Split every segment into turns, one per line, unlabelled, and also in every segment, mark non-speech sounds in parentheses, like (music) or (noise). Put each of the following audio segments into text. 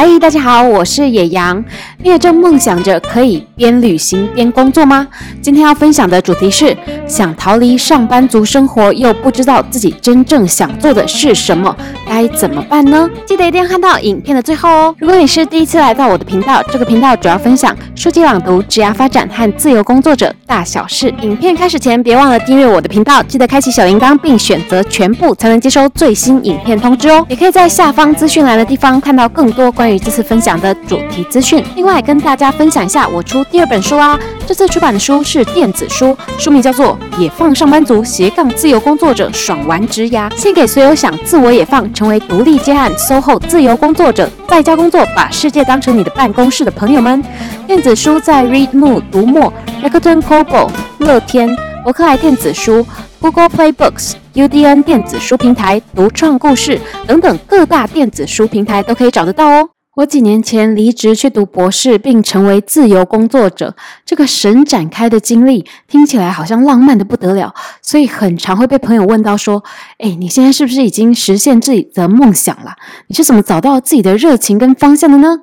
嗨，Hi, 大家好，我是野羊，你也正夢想着可以邊旅行邊工作嗎？今天要分享的主題是想逃離上班族生活，又不知道自己真正想做的是什麼。該怎麼辦呢？記得一定要看到影片的最後哦！如果你是第一次來到我的頻道，這個頻道主要分享書籍朗讀、職涯發展和自由工作者大小事。影片開始前，別忘了訂閱我的頻道，記得開啟小鈴鐺並選擇全部，才能接收最新影片通知哦。也可以在下方資訊欄的地方看到更多關於這次分享的主題資訊。另外，跟大家分享一下，我出第二本書啦！這次出版的書是電子書，書名叫做《野放上班族斜槓自由工作者爽玩職涯》，獻給所有想自我野放。成為獨立接案、soho 自由工作者、在家工作、把世界當成你的辦公室的朋友們，電子書在 Readmoo、讀墨、Rakuten Kobo、樂天、博客來電子書、Google Play Books、UDN 電子書平台、獨創故事等等各大電子書平台都可以找得到哦。我幾年前離職去讀博士，並成為自由工作者，這個神展開的經歷聽起來好像浪漫得不得了，所以很常會被朋友問到說：“誒，你現在是不是已經實現自己的夢想了？你是怎麼找到自己的熱情跟方向的呢？”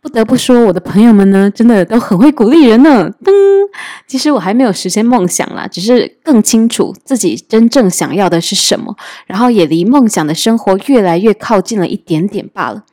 不得不說，我的朋友們呢，真的都很會鼓勵人呢。噔，其實我還沒有實現夢想啦，只是更清楚自己真正想要的是什麼，然後也離夢想的生活越來越靠近了一點點罷了。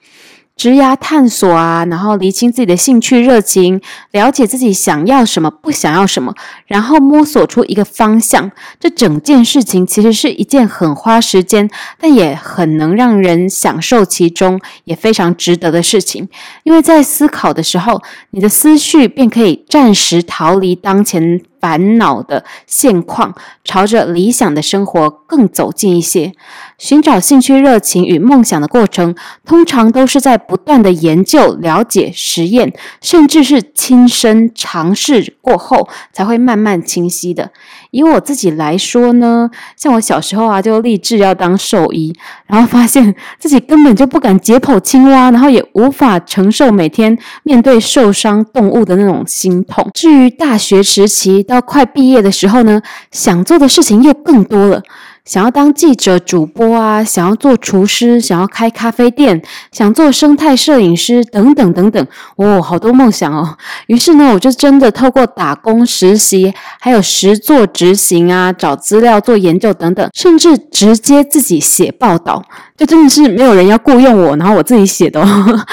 職業探索啊，然後理清自己的興趣熱情，了解自己想要什麼，不想要什麼，然後摸索出一個方向。這整件事情其實是一件很花時間，但也很能讓人享受其中，也非常值得的事情。因為在思考的時候，你的思緒便可以暫時逃離當前。煩惱的現況，朝着理想的生活更走近一些。尋找興趣、熱情與夢想的過程，通常都是在不斷的研究、了解、實驗，甚至是親身嘗試過後，才會慢慢清晰的。以我自己來說呢，像我小時候啊，就立志要當獸醫，然後發現自己根本就不敢解剖青蛙，然後也無法承受每天面對受傷動物的那種心痛。至於大學時期，要快畢業的時候呢，想做的事情又更多了，想要當記者、主播啊，想要做廚師，想要開咖啡店，想做生態攝影師等等等等，哦，好多夢想哦。於是呢，我就真的透過打工、實習，還有實作執行啊，找資料做研究等等，甚至直接自己寫報道，就真的是沒有人要僱用我，然後我自己寫的哦。 (laughs)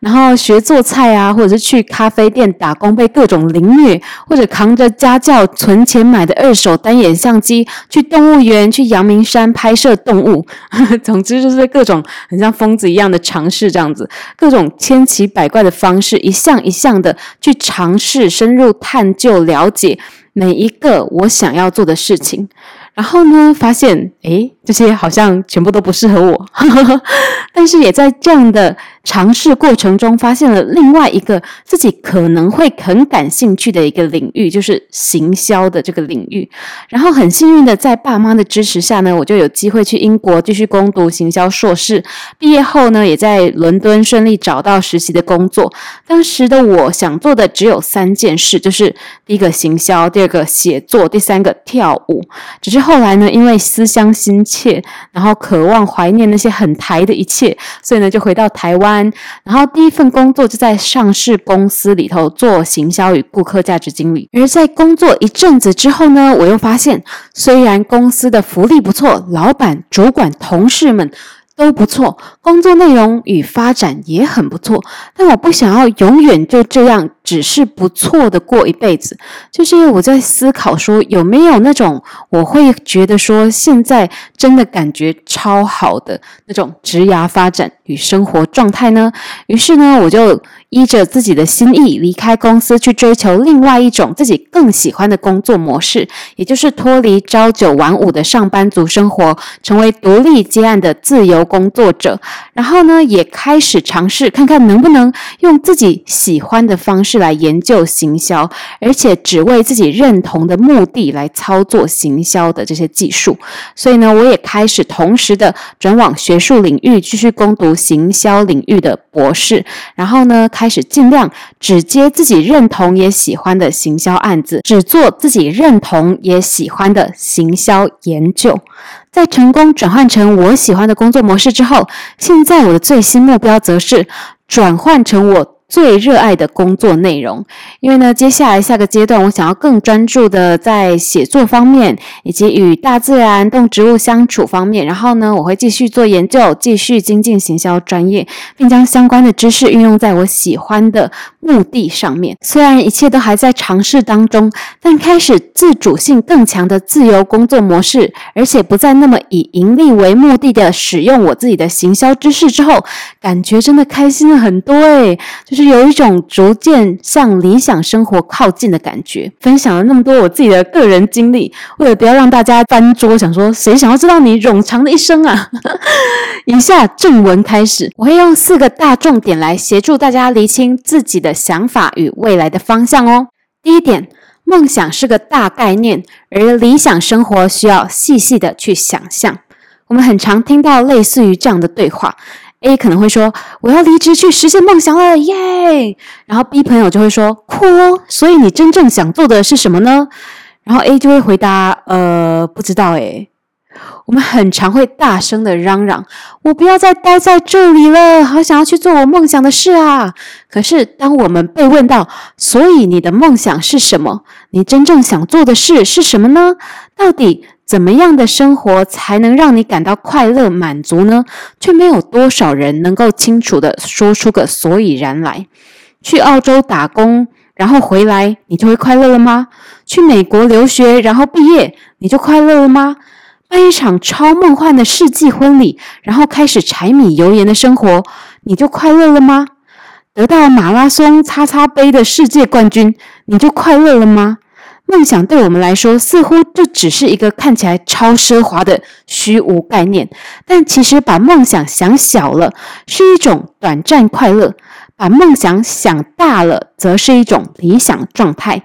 然後學做菜啊，或者是去咖啡店打工被各種凌虐，或者扛着家教存錢買的二手單眼相機去動物園、去陽明山拍攝動物。 (laughs) 總之就是各種很像瘋子一樣的嘗試，這樣子各種千奇百怪的方式，一項一項的去嘗試、深入探究、了解。每一個我想要做的事情，然後呢，發現，誒，這些好像全部都不適合我。呵呵呵。但是也在這樣的嘗試過程中，發現了另外一個自己可能會很感興趣的一個領域，就是行銷的這個領域。然後很幸運的在爸媽的支持下呢，我就有機會去英國繼續攻讀行銷碩士。畢業後呢，也在倫敦順利找到實習的工作。當時的我想做的只有三件事，就是第一個行銷。第二個寫作，第三個跳舞。只是後來呢，因為思鄉心切，然後渴望懷念那些很台的一切，所以呢就回到台灣。然後第一份工作就在上市公司裡頭做行銷與顧客價值經理。而在工作一陣子之後呢，我又發現，雖然公司的福利不錯，老闆、主管、同事們，都不錯，工作內容與發展也很不錯，但我不想要永遠就這樣只是不錯的過一輩子，就是因為我在思考說有沒有那種我會覺得說現在真的感覺超好的那種職涯發展與生活狀態呢？於是呢，我就。依着自己的心意離開公司，去追求另外一種自己更喜歡的工作模式，也就是脫離朝九晚五的上班族生活，成為獨立接案的自由工作者。然後呢，也開始嘗試看看能不能用自己喜歡的方式來研究行銷，而且只為自己認同的目的來操作行銷的這些技術。所以呢，我也開始同時的轉往學術領域，繼續攻讀行銷領域的博士。然後呢。開始盡量只接自己認同也喜歡的行銷案子，只做自己認同也喜歡的行銷研究。在成功轉換成我喜歡的工作模式之後，現在我的最新目標則是轉換成我最熱愛的工作內容，因為呢，接下來下個階段，我想要更專注的在寫作方面，以及與大自然動植物相處方面。然後呢，我會繼續做研究，繼續精進行銷專業，並將相關的知識運用在我喜歡的目的上面。雖然一切都還在嘗試當中，但開始自主性更強的自由工作模式，而且不再那麼以盈利為目的的使用我自己的行銷知識之後，感覺真的開心了很多哎，就是是有一種逐漸向理想生活靠近的感覺。分享了那麼多我自己的個人經歷，為了不要讓大家翻桌，想說誰想要知道你冗長的一生啊？ (laughs) 以下正文開始，我會用四個大重點來協助大家釐清自己的想法與未來的方向哦。第一點，夢想是個大概念，而理想生活需要細細的去想象。我們很常聽到類似於這樣的對話。A 可能會說：“我要離職去實現夢想了，耶！”然後 B 朋友就會說：“酷哦，所以你真正想做的是什麼呢？”然後 A 就會回答：“呃，不知道誒。”我們很常會大聲的嚷嚷：“我不要再待在這裡了，好想要去做我夢想的事啊！”可是當我們被問到：“所以你的夢想是什麼？你真正想做的事是什麼呢？”到底？怎麼樣的生活才能讓你感到快樂滿足呢？卻沒有多少人能夠清楚地說出個所以然來。去澳洲打工，然後回來，你就會快樂了嗎？去美國留學，然後畢業，你就快樂了嗎？辦一場超夢幻的世紀婚禮，然後開始柴米油鹽的生活，你就快樂了嗎？得到馬拉松叉叉杯的世界冠軍，你就快樂了嗎？夢想對我們來說，似乎就只是一個看起來超奢華的虛無概念。但其實，把夢想想小了是一種短暫快樂，把夢想想大了則是一種理想狀態。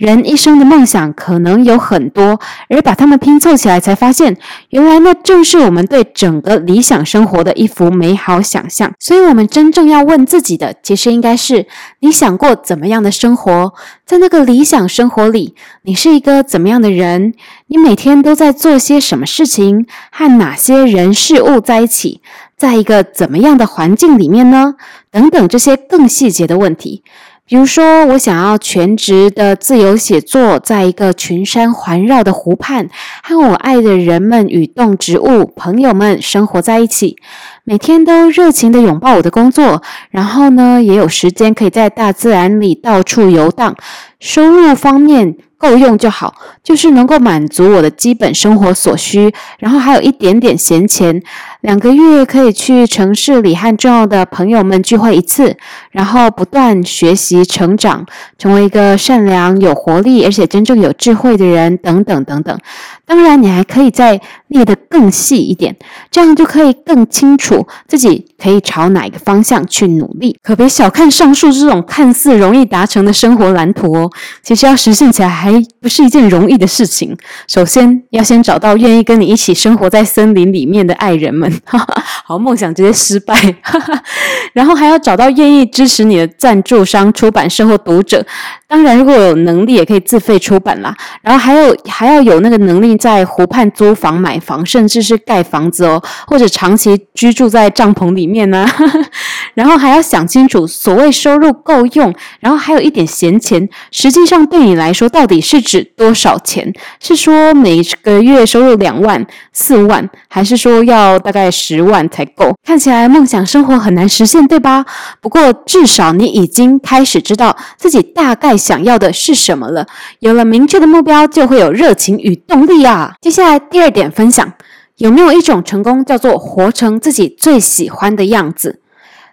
人一生的夢想可能有很多，而把它們拼湊起來，才發現原來那正是我們對整個理想生活的一幅美好想象。所以，我們真正要問自己的，其實應該是：你想過怎麼樣的生活？在那個理想生活裡，你是一個怎麼樣的人？你每天都在做些什麼事情？和哪些人事物在一起？在一個怎麼樣的環境裡面呢？等等，這些更細節的問題。比如說，我想要全職的自由寫作，在一個群山環繞的湖畔，和我愛的人們與動植物朋友們生活在一起，每天都熱情地擁抱我的工作，然後呢，也有時間可以在大自然裡到處遊蕩，收入方面。夠用就好，就是能夠滿足我的基本生活所需，然後還有一點點閒錢，兩個月可以去城市裡和重要的朋友們聚會一次，然後不斷學習成長，成為一個善良、有活力而且真正有智慧的人，等等等等。當然，你還可以再列得更細一點，這樣就可以更清楚自己可以朝哪一個方向去努力。可別小看上述這種看似容易達成的生活藍圖哦，其實要實現起來還。哎，不是一件容易的事情。首先要先找到願意跟你一起生活在森林裡面的愛人們， (laughs) 好，夢想直接失敗。 (laughs) 然後還要找到願意支持你的贊助商、出版社或讀者。當然，如果有能力，也可以自費出版啦。然後還要還要有那個能力在湖畔租房、買房，甚至是蓋房子哦，或者長期居住在帳篷裡面呢、啊。 (laughs) 然後還要想清楚，所謂收入夠用，然後還有一點閒錢，實際上對你來說到底。是指多少錢？是說每個月收入兩萬、四萬，還是說要大概十萬才夠？看起來夢想生活很難實現，對吧？不過至少你已經開始知道自己大概想要的是什麼了。有了明確的目標，就會有熱情與動力啊！接下來第二點分享，有沒有一種成功叫做活成自己最喜歡的樣子？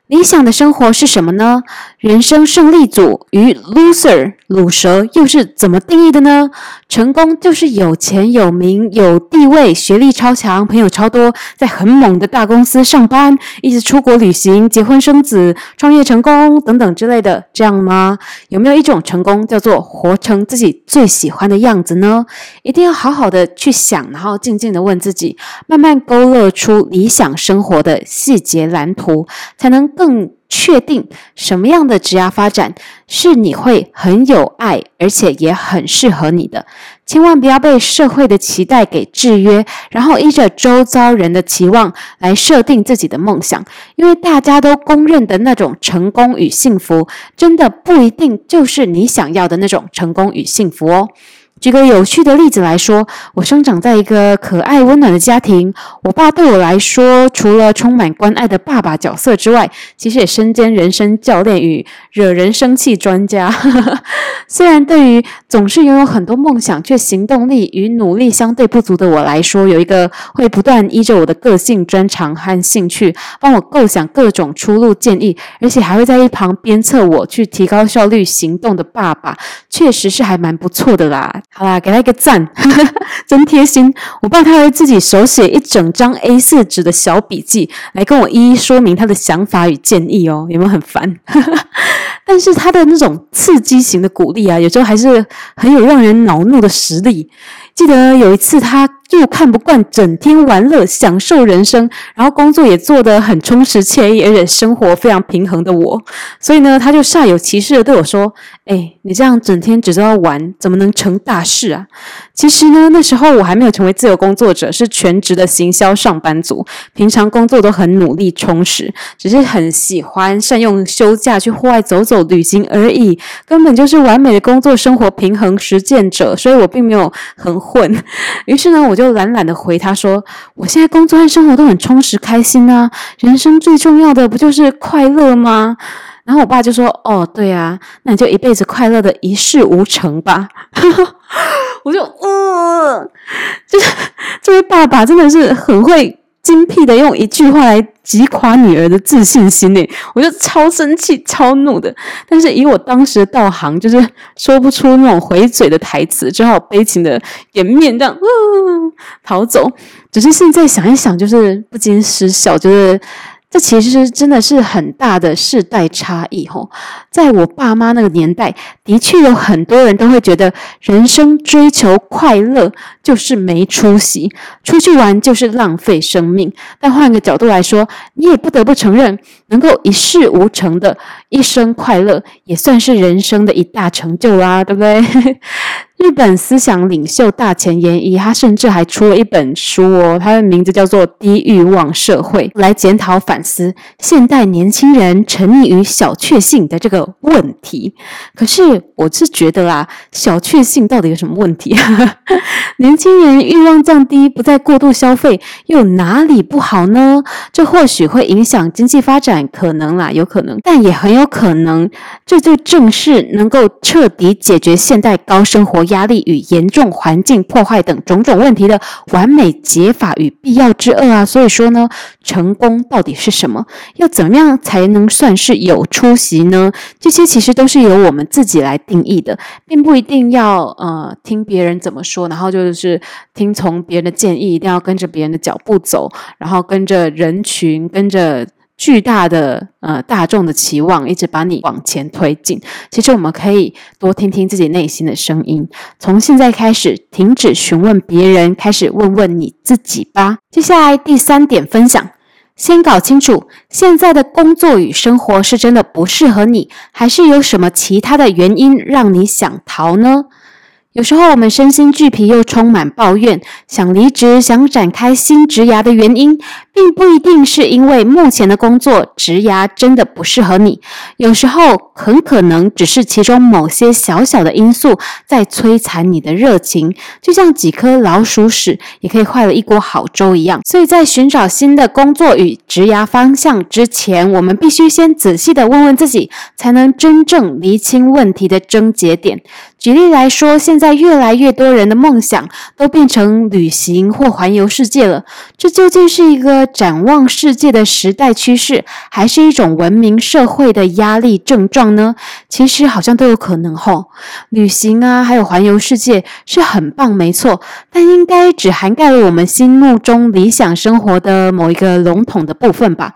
理想的生活是什麼呢？人生勝利組與 loser 魯蛇又是怎麼定義的呢？成功就是有錢有名有地位，學歷超強，朋友超多，在很猛的大公司上班，一直出國旅行，結婚生子，創業成功等等之類的，這樣嗎？有沒有一種成功叫做活成自己最喜歡的樣子呢？一定要好好的去想，然後靜靜的問自己，慢慢勾勒出理想生活的細節藍圖，才能，更確定什麼樣的職業發展是你會很有愛，而且也很適合你的。千萬不要被社會的期待給制約，然後依着周遭人的期望來設定自己的夢想。因為大家都公認的那種成功與幸福，真的不一定就是你想要的那種成功與幸福哦。舉個有趣的例子來說，我生長在一個可愛溫暖的家庭。我爸對我來說，除了充滿關愛的爸爸角色之外，其實也身兼人生教練與惹人生氣專家。 (laughs) 雖然對於總是擁有很多夢想卻行動力與努力相對不足的我來說，有一個會不斷依着我的個性、專長和興趣幫我構想各種出路建議，而且還會在一旁鞭策我去提高效率行動的爸爸，確實是還蠻不錯的啦。好啦，給他一個讚， (laughs) 真貼心。我爸他會自己手寫一整張 A4 紙的小筆記，來跟我一一說明他的想法與建議哦。有沒有很煩？ (laughs) 但是他的那種刺激型的鼓勵啊，有時候還是很有讓人惱怒的實力。記得有一次，他就看不慣整天玩樂、享受人生，然後工作也做得很充實愜意且也生活非常平衡的我，所以呢，他就煞有其事的對我說。哎，你這樣整天只知道玩，怎麼能成大事啊？其實呢，那時候我還沒有成為自由工作者，是全職的行銷上班族，平常工作都很努力充實，只是很喜歡善用休假去戶外走走旅行而已，根本就是完美的工作生活平衡實踐者，所以我並沒有很混。於是呢，我就懶懶地回他說：“我現在工作和生活都很充實開心啊，人生最重要的不就是快樂嗎？”然後我爸就說：“哦，對啊，那你就一輩子快樂的一事無成吧。 (laughs) ”我就，嗯、呃，就是這位爸爸真的是很會精闢的用一句話來擊垮女兒的自信心誒，我就超生氣、超怒的。但是以我當時的道行，就是說不出那種回嘴的台詞，只好悲情的掩面這樣，嗯、呃，逃走。只是現在想一想，就是不禁失笑，就是。這其實真的是很大的世代差異吼，在我爸媽那個年代，的確有很多人都會覺得人生追求快樂就是沒出息，出去玩就是浪費生命。但換個角度來說，你也不得不承認，能夠一事無成的一生快樂，也算是人生的一大成就啦、啊，對不對？日本思想領袖大前研一，他甚至還出了一本書哦，他的名字叫做《低慾望社會》，來檢討反思現代年輕人沉溺於小確幸的這個問題。可是我是覺得啊，小確幸到底有什麼問題？ (laughs) 年輕人慾望降低，不再過度消費，又哪裡不好呢？這或許會影響經濟發展，可能啦，有可能，但也很有可能，這就正是能夠徹底解決現代高生活壓力與嚴重環境破壞等種種問題的完美解法與必要之惡啊，所以說呢，成功到底是什麼？要怎麼樣才能算是有出息呢？這些其實都是由我們自己來定義的，並不一定要呃聽別人怎麼說，然後就是聽從別人的建議，一定要跟着別人的腳步走，然後跟着人群，跟着。巨大的呃大眾的期望一直把你往前推進，其實我們可以多聽聽自己內心的聲音。從現在開始，停止詢問別人，開始問問你自己吧。接下來第三點分享：先搞清楚，現在的工作與生活是真的不適合你，還是有什麼其他的原因讓你想逃呢？有時候我們身心俱疲又充滿抱怨，想離職想展開新職涯的原因，並不一定是因為目前的工作職涯真的不適合你。有時候很可能只是其中某些小小的因素在摧殘你的熱情，就像幾顆老鼠屎也可以壞了一鍋好粥一樣。所以在尋找新的工作與職涯方向之前，我們必須先仔細地問問自己，才能真正釐清問題的症結點。舉例來說，現在越來越多人的夢想都變成旅行或環遊世界了。這究竟是一個展望世界的時代趨勢，還是一種文明社會的壓力症狀呢？其實好像都有可能哈。旅行啊，還有環遊世界是很棒，沒錯，但應該只涵蓋了我們心目中理想生活的某一個籠統的部分吧。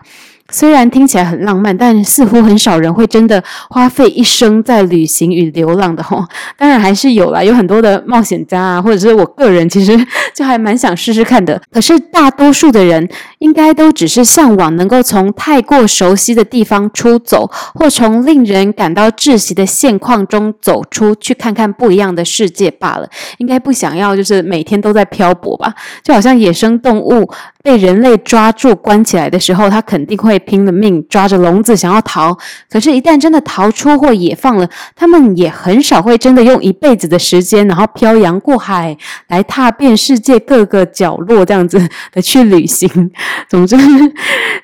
雖然聽起來很浪漫，但似乎很少人會真的花費一生在旅行與流浪的吼、哦。當然還是有啦，有很多的冒險家啊，或者是我個人其實就還蠻想試試看的。可是大多數的人應該都只是向往能夠從太過熟悉的地方出走，或從令人感到窒息的現況中走出，去看看不一樣的世界罷了。應該不想要就是每天都在漂泊吧，就好像野生動物被人類抓住關起來的時候，它肯定會。拼了命抓着籠子想要逃，可是，一旦真的逃出或野放了，他們也很少會真的用一輩子的時間，然後漂洋過海來踏遍世界各個角落這樣子的去旅行。總之，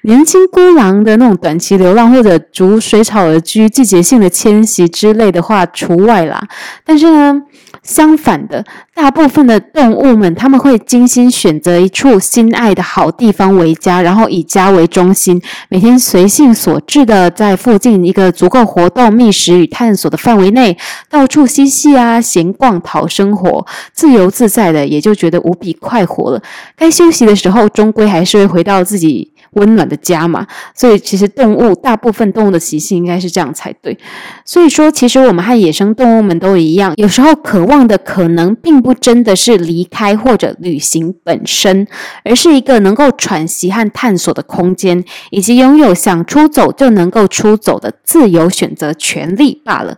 年輕孤狼的那種短期流浪或者逐水草而居、季節性的遷徙之類的話除外啦。但是呢，相反的，大部分的動物們，他們會精心選擇一處心愛的好地方為家，然後以家為中心，每天隨性所致的在附近一個足夠活動、覓食與探索的範圍內，到處嬉戲啊、閒逛、討生活，自由自在的，也就覺得無比快活了。該休息的時候，終歸還是會回到自己，溫暖的家嘛，所以其實動物大部分動物的習性應該是這樣才對。所以說，其實我們和野生動物們都一樣，有時候渴望的可能並不真的是離開或者旅行本身，而是一個能夠喘息和探索的空間，以及擁有想出走就能夠出走的自由選擇權利罷了。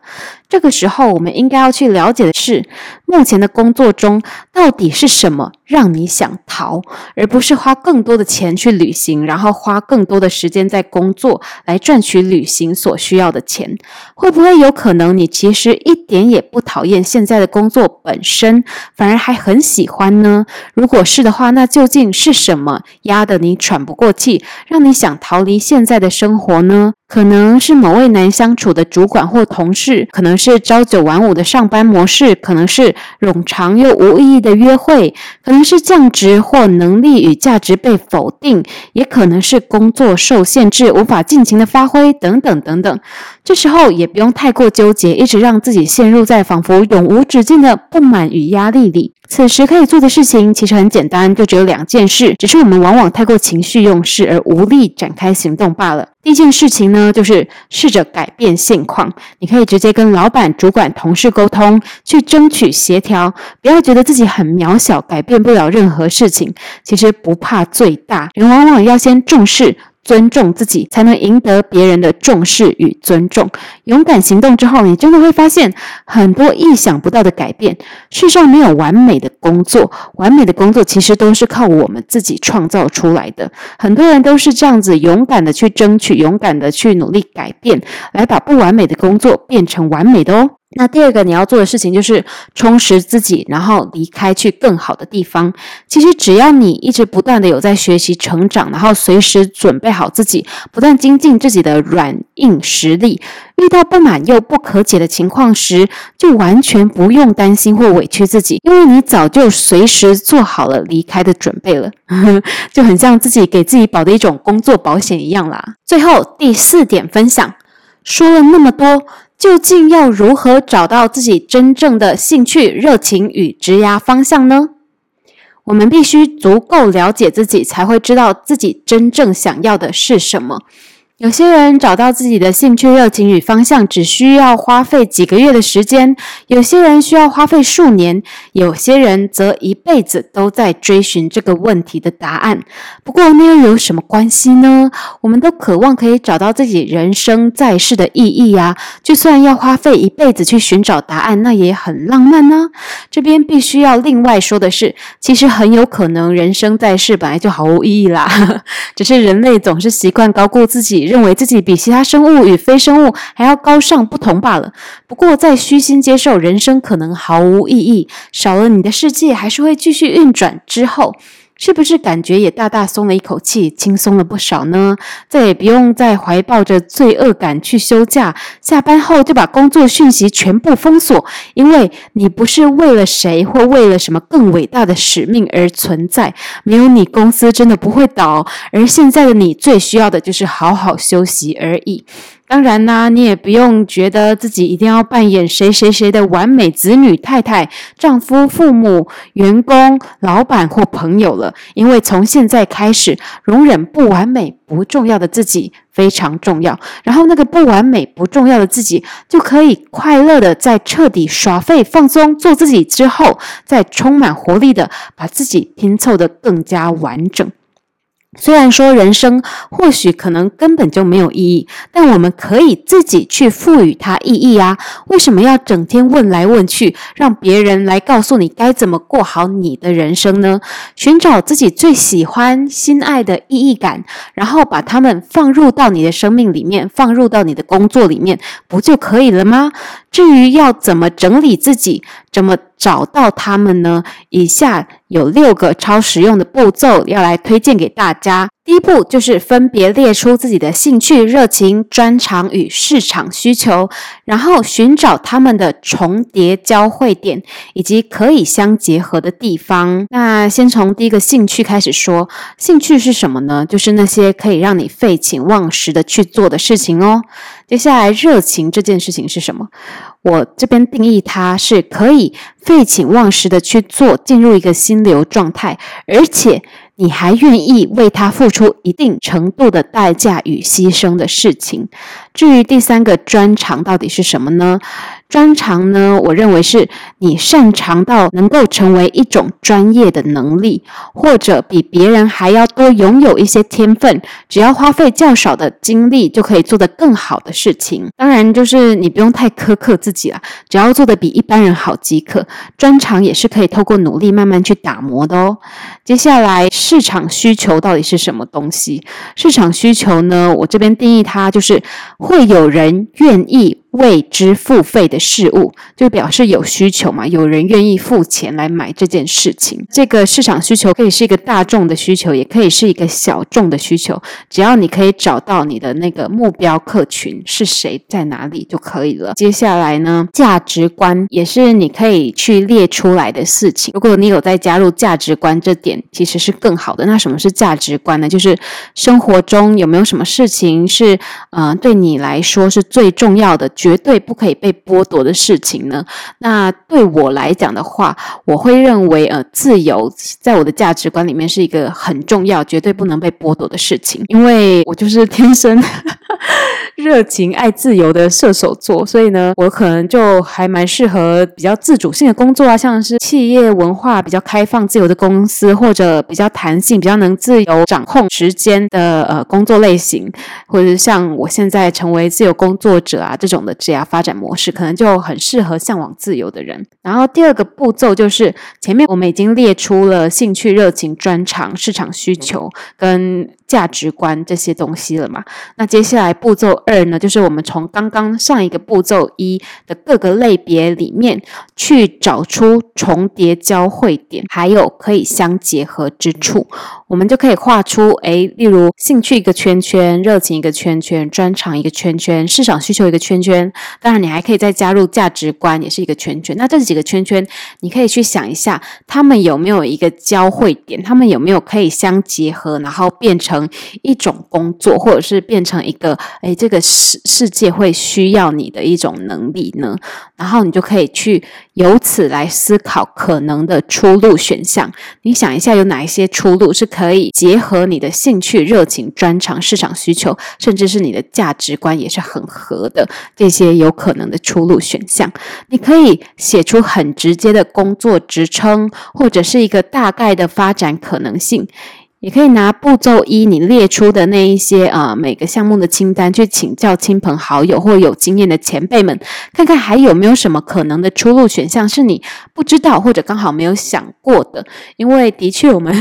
這個時候，我們應該要去了解的是，目前的工作中到底是什麼讓你想逃，而不是花更多的錢去旅行，然後花更多的時間在工作來賺取旅行所需要的錢。會不會有可能你其實一點也不討厭現在的工作本身，反而還很喜歡呢？如果是的話，那究竟是什麼壓得你喘不過氣，讓你想逃離現在的生活呢？可能是某位難相處的主管或同事，可能。是朝九晚五的上班模式，可能是冗長又無意義的約會，可能是降職或能力與價值被否定，也可能是工作受限制，無法盡情的發揮，等等等等。這時候也不用太過糾結，一直讓自己陷入在仿佛永無止境的不滿與壓力裡。此時可以做的事情其實很簡單，就只有兩件事，只是我們往往太過情緒用事而無力展開行動罷了。第一件事情呢，就是試着改變現況，你可以直接跟老闆、主管、同事溝通，去爭取協調，不要覺得自己很渺小，改變不了任何事情。其實不怕最大，人往往要先重視。尊重自己，才能贏得別人的重視與尊重。勇敢行動之後，你真的會發現很多意想不到的改變。世上沒有完美的工作，完美的工作其實都是靠我們自己創造出來的。很多人都是這樣子勇敢的去爭取，勇敢的去努力改變，來把不完美的工作變成完美的哦。那第二個你要做的事情就是充實自己，然後離開去更好的地方。其實只要你一直不斷的有在學習成長，然後隨時準備好自己，不斷精進自己的軟硬實力，遇到不滿又不可解的情況時，就完全不用擔心或委屈自己，因為你早就隨時做好了離開的準備了， (laughs) 就很像自己給自己保的一種工作保險一樣啦。最後第四點分享，說了那麼多。究竟要如何找到自己真正的興趣、熱情與職業方向呢？我們必須足夠了解自己，才會知道自己真正想要的是什麼。有些人找到自己的興趣、熱情與方向，只需要花費幾個月的時間；有些人需要花費數年，有些人則一輩子都在追尋這個問題的答案。不過，那又有什麼關係呢？我們都渴望可以找到自己人生在世的意義呀！就算要花費一輩子去尋找答案，那也很浪漫呢。這邊必須要另外說的是，其實很有可能人生在世本來就毫無意義啦，只是人類總是習慣高估自己。認為自己比其他生物與非生物還要高尚不同罷了。不過，在虛心接受人生可能毫無意義，少了你的世界還是會繼續運轉之後。是不是感覺也大大鬆了一口氣，輕鬆了不少呢？再也不用再懷抱着罪惡感去休假，下班後就把工作訊息全部封鎖，因為你不是為了誰或為了什麼更偉大的使命而存在，沒有你公司真的不會倒，而現在的你最需要的就是好好休息而已。當然啦、啊，你也不用覺得自己一定要扮演誰誰誰的完美子女、太太、丈夫、父母、員工、老闆或朋友了，因為從現在開始，容忍不完美、不重要的自己非常重要。然後，那個不完美、不重要的自己就可以快樂的在徹底耍廢、放鬆、做自己之後，再充滿活力的把自己拼湊得更加完整。雖然說人生或許可能根本就沒有意義，但我們可以自己去賦予它意義啊。為什麼要整天問來問去，讓別人來告訴你該怎麼過好你的人生呢？尋找自己最喜歡、心愛的意義感，然後把它們放入到你的生命裡面，放入到你的工作裡面，不就可以了嗎？至於要怎麼整理自己，怎麼找到他們呢，以下有六個超實用的步驟，要來推薦給大家。第一步就是分別列出自己的興趣、熱情、專長與市場需求，然後尋找他們的重疊交匯點以及可以相結合的地方。那先從第一個興趣開始說，興趣是什麼呢？就是那些可以讓你廢寢忘食的去做的事情哦。接下來，熱情這件事情是什麼？我這邊定義它是可以廢寢忘食的去做，進入一個心流狀態，而且……你還願意為他付出一定程度的代價與犧牲的事情。至於第三個專長到底是什麼呢？專長呢，我認為是你擅長到能夠成為一種專業的能力，或者比別人還要多擁有一些天分，只要花費較少的精力就可以做得更好的事情。當然，就是你不用太苛刻自己了，只要做得比一般人好即可。專長也是可以透過努力慢慢去打磨的哦。接下來，市場需求到底是什麼東西？市場需求呢，我這邊定義它就是會有人願意。為之付費的事物，就表示有需求嘛，有人願意付錢來買這件事情。這個市場需求可以是一個大眾的需求，也可以是一個小眾的需求，只要你可以找到你的那個目標客群是誰、在哪裡就可以了。接下來呢，價值觀也是你可以去列出來的事情。如果你有在加入價值觀這點，其實是更好的。那什麼是價值觀呢？就是生活中有沒有什麼事情是，嗯、呃，對你來說是最重要的。絕對不可以被剝奪的事情呢？那對我來講的話，我會認為，呃，自由在我的價值觀裡面是一個很重要、絕對不能被剝奪的事情，因為我就是天生。 (laughs) 熱情愛自由的射手座，所以呢，我可能就還蠻適合比較自主性的工作啊，像是企業文化比較開放、自由的公司，或者比較彈性、比較能自由掌控時間的呃工作類型，或者像我現在成為自由工作者啊這種的職業發展模式，可能就很適合嚮往自由的人。然後第二個步驟就是，前面我們已經列出了興趣、熱情、專長、市場需求跟價值觀這些東西了嘛，那接下來步驟二呢，就是我們從剛剛上一個步驟一的各個類別裡面，去找出重疊交匯點，還有可以相結合之處。我們就可以畫出，誒，例如興趣一個圈圈，熱情一個圈圈，專長一個圈圈，市場需求一個圈圈。當然，你還可以再加入價值觀，也是一個圈圈。那這幾個圈圈，你可以去想一下，他們有沒有一個交匯點？他們有沒有可以相結合，然後變成一種工作，或者是變成一個，誒，這個世世界會需要你的一種能力呢？然後你就可以去。由此來思考可能的出路選項，你想一下有哪一些出路是可以結合你的興趣、熱情、專長、市場需求，甚至是你的價值觀也是很合的，這些有可能的出路選項。你可以寫出很直接的工作職稱，或者是一個大概的發展可能性。也可以拿步驟一你列出的那一些啊、呃、每個項目的清單，去請教親朋好友或有經驗的前輩們，看看還有沒有什麼可能的出路選項是你不知道或者剛好沒有想過的。因為的確我們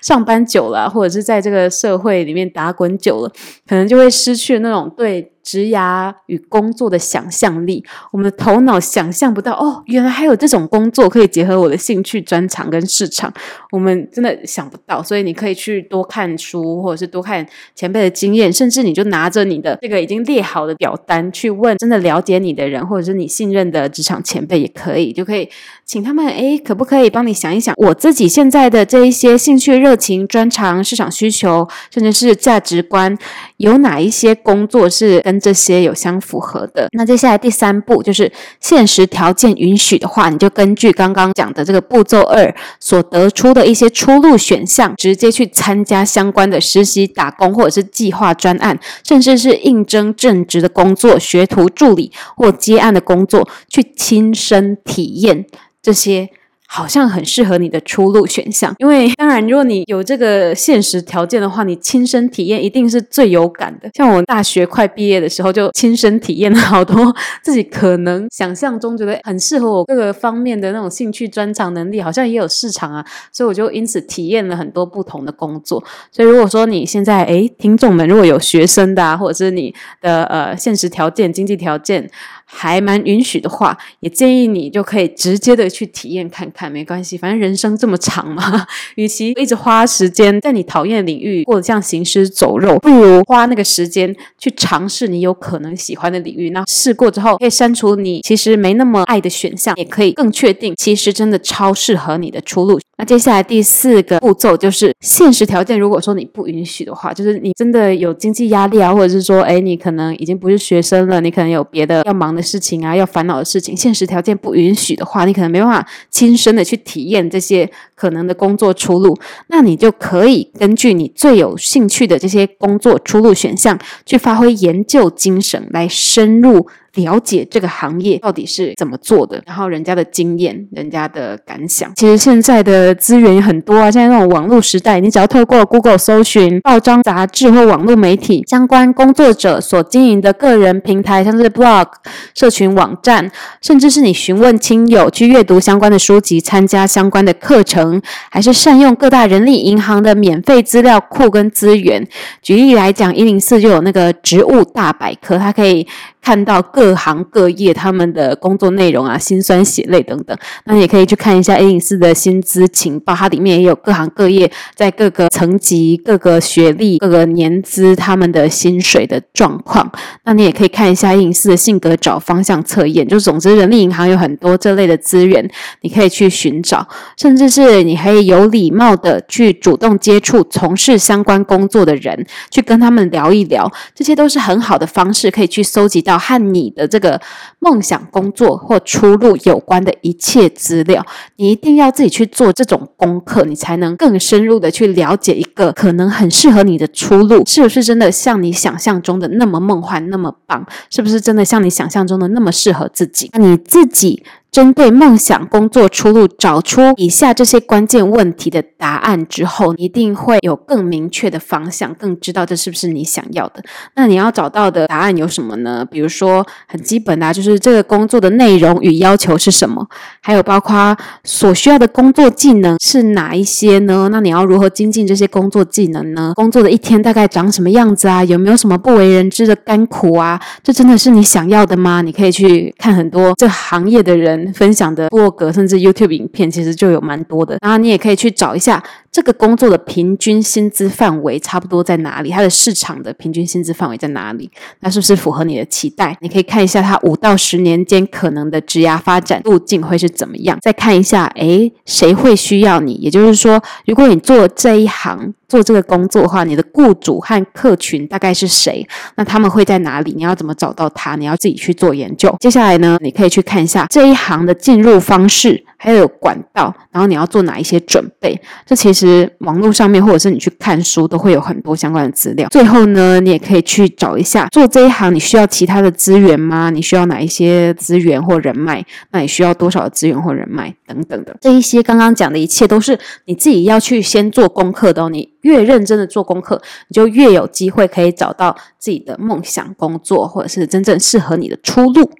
上班久了，或者是在這個社會裡面打滾久了，可能就會失去那種對。職涯與工作的想象力，我們的頭腦想象不到哦，原來還有這種工作可以結合我的興趣專長跟市場，我們真的想不到。所以你可以去多看書，或者是多看前輩的經驗，甚至你就拿着你的這個已經列好的表單去問真的了解你的人，或者是你信任的職場前輩也可以，就可以請他們誒，可不可以幫你想一想，我自己現在的這一些興趣、熱情、專長、市場需求，甚至是價值觀，有哪一些工作是跟這些有相符合的，那接下來第三步就是，現實條件允許的話，你就根據剛剛講的這個步驟二所得出的一些出路選項，直接去參加相關的實習、打工，或者是計劃專案，甚至是應徵正職的工作、學徒助理或接案的工作，去親身體驗這些。好像很適合你的出路選項，因為當然，如果你有這個現實條件的話，你親身體驗一定是最有感的。像我大學快畢業的時候，就親身體驗了好多自己可能想象中覺得很適合我各個方面的那種興趣專長能力，好像也有市場啊，所以我就因此體驗了很多不同的工作。所以如果說你現在誒，聽眾們如果有學生的啊，或者是你的呃現實條件、經濟條件，還蠻允許的話，也建議你就可以直接的去體驗看看，沒關係，反正人生這麼長嘛。與其一直花時間在你討厭的領域或者這樣行屍走肉，不如花那個時間去嘗試你有可能喜歡的領域。那試過之後，可以刪除你其實沒那麼愛的選項，也可以更確定其實真的超適合你的出路。那接下來第四個步驟就是現實條件，如果說你不允許的話，就是你真的有經濟壓力啊，或者是說，哎，你可能已經不是學生了，你可能有別的要忙。事情啊，要煩惱的事情，現實條件不允許的話，你可能沒辦法親身的去體驗這些可能的工作出路。那你就可以根據你最有興趣的這些工作出路選項，去發揮研究精神來深入了解這個行業到底是怎麼做的，然後人家的經驗、人家的感想。其實現在的資源也很多啊，現在那種網絡時代，你只要透過 Google 搜尋、報章雜誌或網絡媒體相關工作者所經營的個人平台，像是 Blog、社群網站，甚至是你詢問親友、去閱讀相關的書籍、參加相關的課程，還是善用各大人力銀行的免費資料庫跟資源。舉例來講，一零四就有那個職務大百科，它可以看到各。各行各業他們的工作內容啊、辛酸血淚等等，那你也可以去看一下104的薪資情報，它裡面也有各行各業在各個層級、各個學歷、各個年資他們的薪水的狀況。那你也可以看一下104的性格找方向測驗，就總之，人力銀行有很多這類的資源，你可以去尋找，甚至是你可以有禮貌的去主動接觸從事相關工作的人，去跟他們聊一聊，這些都是很好的方式，可以去收集到和你。你的這個夢想工作或出路有關的一切資料，你一定要自己去做這種功課，你才能更深入的去了解一個可能很適合你的出路，是不是真的像你想象中的那麼夢幻，那麼棒？是不是真的像你想象中的那麼適合自己？你自己。針對夢想工作出路，找出以下這些關鍵問題的答案之後，一定會有更明確的方向，更知道這是不是你想要的。那你要找到的答案有什麼呢？比如說，很基本的啊，就是這個工作的內容與要求是什麼？還有包括所需要的工作技能是哪一些呢？那你要如何精進這些工作技能呢？工作的一天大概長什麼樣子啊？有沒有什麼不為人知的甘苦啊？這真的是你想要的嗎？你可以去看很多這行業的人。分享的 vlog 甚至 YouTube 影片，其實就有蠻多的，然後你也可以去找一下。這個工作的平均薪資範圍差不多在哪裡？它的市場的平均薪資範圍在哪裡？那是不是符合你的期待？你可以看一下它五到十年間可能的職涯發展路徑會是怎麼樣。再看一下，哎，誰會需要你？也就是說，如果你做了這一行、做這個工作的話，你的僱主和客群大概是誰？那他們會在哪裡？你要怎麼找到他？你要自己去做研究。接下來呢，你可以去看一下這一行的進入方式，還有，有管道，然後你要做哪一些準備？這其實。其實網絡上面，或者是你去看書，都會有很多相關的資料。最後呢，你也可以去找一下，做這一行你需要其他的資源嗎？你需要哪一些資源或人脈？那你需要多少的資源或人脈等等的。這一些剛剛講的一切都是你自己要去先做功課的哦，你越認真的做功課，你就越有機會可以找到自己的夢想工作，或者是真正適合你的出路。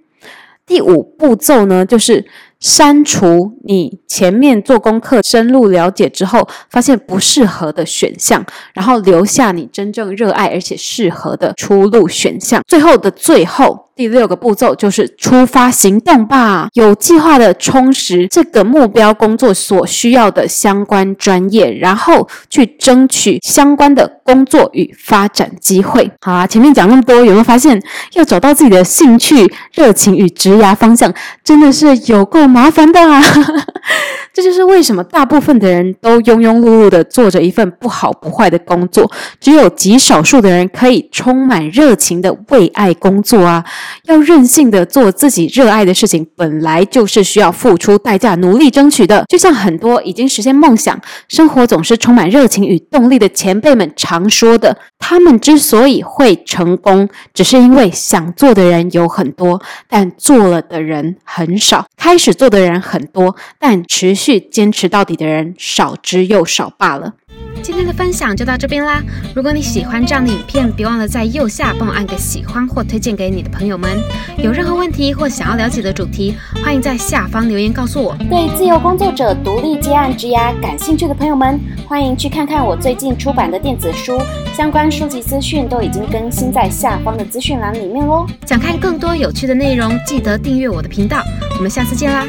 第五步驟呢，就是。刪除你前面做功課、深入了解之後發現不適合的選項，然後留下你真正熱愛而且適合的出路選項。最後的最後，第六個步驟就是出發行動吧，有計劃的充實這個目標工作所需要的相關專業，然後去爭取相關的工作與發展機會。好啊，前面講那麼多，有沒有發現要找到自己的興趣、熱情與職業方向，真的是有夠麻煩的啊！ (laughs) 這就是為什麼大部分的人都庸庸碌碌的做着一份不好不壞的工作，只有極少數的人可以充滿熱情的為愛工作啊！要任性的做自己熱愛的事情，本來就是需要付出代價、努力爭取的。就像很多已經實現夢想、生活總是充滿熱情與動力的前輩們常說的：“他們之所以會成功，只是因為想做的人有很多，但做了的人很少；開始做的人很多，但持續。”去堅持到底的人少之又少罷了。今天的分享就到這邊啦。如果你喜歡這樣的影片，別忘了在右下幫我按個喜歡或推薦給你的朋友們。有任何問題或想要了解的主題，歡迎在下方留言告訴我。對自由工作者獨立接案職涯感興趣的朋友們，歡迎去看看我最近出版的電子書，相關書籍資訊都已經更新在下方的資訊欄裡面嘍。想看更多有趣的內容，記得訂閱我的頻道。我們下次見啦。